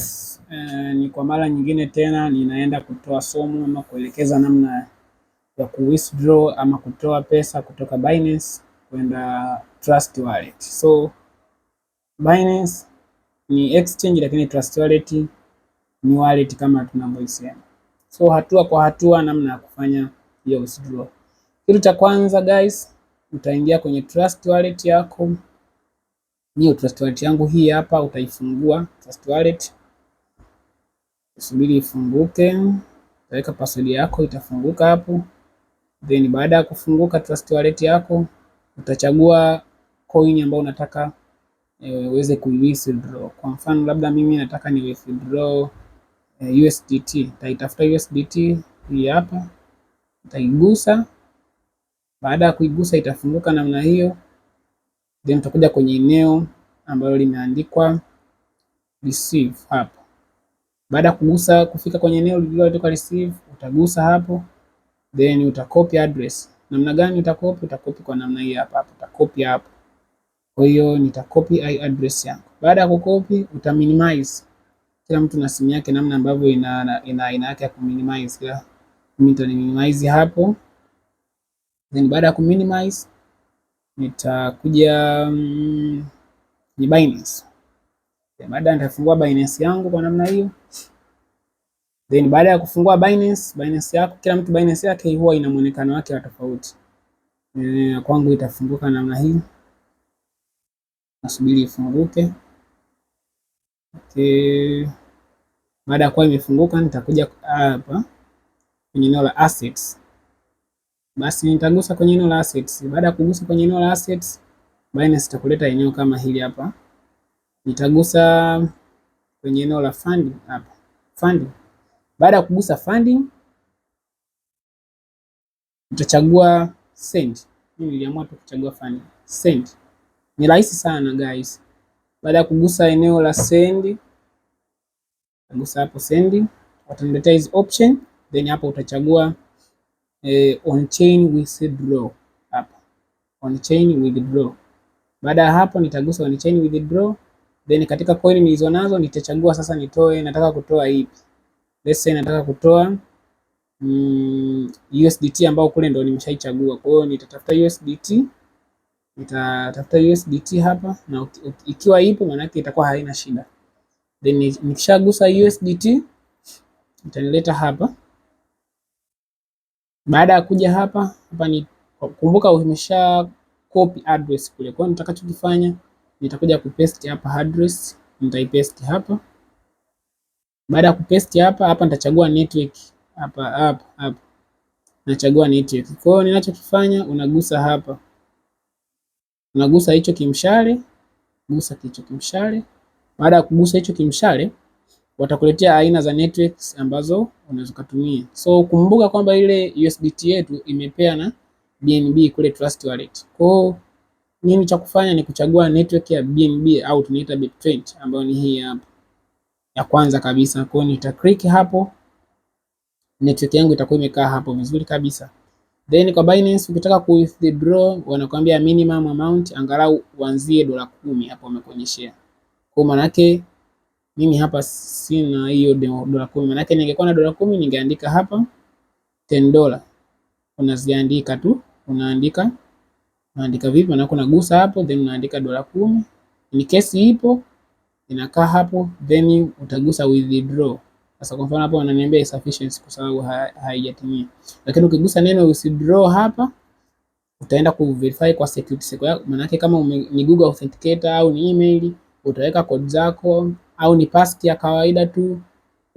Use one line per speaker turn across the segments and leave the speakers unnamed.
Eh, ni kwa mara nyingine tena ninaenda kutoa somo ama kuelekeza namna ya ku withdraw ama kutoa pesa kutoka Binance kwenda Trust Wallet. So Binance ni exchange lakini Trust Wallet ni wallet kama tunavyoisema. So hatua kwa hatua namna ya kufanya hiyo withdraw. Kitu cha kwanza guys, utaingia kwenye Trust Wallet yako. Hiyo Trust Wallet yangu hii hapa utaifungua Trust Wallet subiri ifunguke, utaweka password yako itafunguka hapo. Then baada ya kufunguka Trust Wallet yako utachagua coin ambayo unataka eh, uweze ku withdraw. Kwa mfano labda mimi nataka ni withdraw e, eh, USDT. Nitaitafuta USDT hii hapa, nitaigusa. Baada ya kuigusa itafunguka namna hiyo, then utakuja kwenye eneo ambalo limeandikwa receive hapa baada ya kugusa kufika kwenye eneo lililoandikwa receive, utagusa hapo then utakopi address. Namna gani utakopi? Utakopi kwa namna hii hapa hapa, utakopi hapo. Kwa hiyo nitakopi hii address yangu. Baada ya kukopi, utaminimize. Kila mtu na simu yake namna ambavyo ina ina aina yake ya kuminimize. Kila mtu ni minimize hapo. Then baada ya kuminimize nitakuja mm, ni Binance. Baada nitafungua Binance yangu kwa namna hiyo. Then baada ya kufungua Binance, Binance yako kila mtu Binance yake huwa ina muonekano wake wa tofauti. Eh, kwangu itafunguka namna hii. Nasubiri ifunguke. Okay. Baada ya kuwa imefunguka nitakuja ah, hapa kwenye eneo la assets. Basi nitagusa kwenye eneo la assets. Baada ya kugusa kwenye eneo la assets, Binance itakuleta eneo kama hili hapa. Nitagusa kwenye eneo la fund hapa. Fund baada ya kugusa funding, utachagua send. Mimi niliamua tu kuchagua funding. Send ni rahisi sana guys. Baada ya kugusa eneo la send, gusa hapo send, wataniletea hizi option, then hapo utachagua eh, on chain withdraw hapo. on chain withdraw. Baada ya hapo nitagusa on chain withdraw, then katika coin nilizo nazo nitachagua sasa, nitoe nataka kutoa ipi let's say nataka kutoa mm, USDT ambao kule ndo nimeshaichagua. Kwa hiyo nitatafuta USDT, nitatafuta USDT hapa, na ikiwa ipo maana yake itakuwa haina shida. Then nikishagusa USDT itanileta hapa. Baada ya kuja hapa hapa ni kumbuka, umesha copy address kule. Kwa hiyo nitakachokifanya nitakuja kupaste hapa address, nitaipaste hapa baada ya kupaste hapa, hapa nitachagua network hapa hapa hapa. Nachagua network. Kwa hiyo ninachokifanya unagusa hapa. Unagusa hicho kimshale, gusa hicho kimshale. Baada ya kugusa hicho kimshale, watakuletea aina za networks ambazo unaweza kutumia. So kumbuka kwamba ile USDT yetu imepea na BNB kule Trust Wallet. Kwa hiyo nini cha kufanya ni kuchagua network ya BNB au tunaita Bit20 ambayo ni hii hapa ya kwanza kabisa. Kwa hiyo click hapo, network yangu itakuwa imekaa hapo vizuri kabisa. Then kwa Binance ukitaka ku withdraw wanakuambia minimum amount angalau uanzie dola kumi hapo wamekuonyeshea. Kwa maana yake mimi hapa sina hiyo dola kumi. Maana yake ningekuwa na dola kumi ningeandika hapa 10 dola. Unaziandika tu, unaandika unaandika vipi? Maana unagusa hapo then unaandika dola kumi. Ni kesi ipo inakaa hapo then utagusa withdraw. Sasa kwa mfano hapo wananiambia insufficient kwa sababu haijatimia. Lakini ukigusa neno withdraw hapa utaenda ku verify kwa security yako. Maana yake kama ume, ni Google Authenticator au ni email utaweka kodi zako au ni passkey ya kawaida tu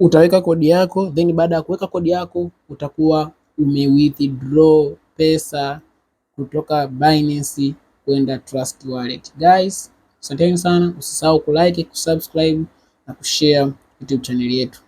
utaweka kodi yako then baada ya kuweka kodi yako utakuwa ume withdraw pesa kutoka Binance kwenda Trust Wallet. Guys, Asanteni sana, usisahau kulike, kusubscribe na kushare YouTube chaneli yetu.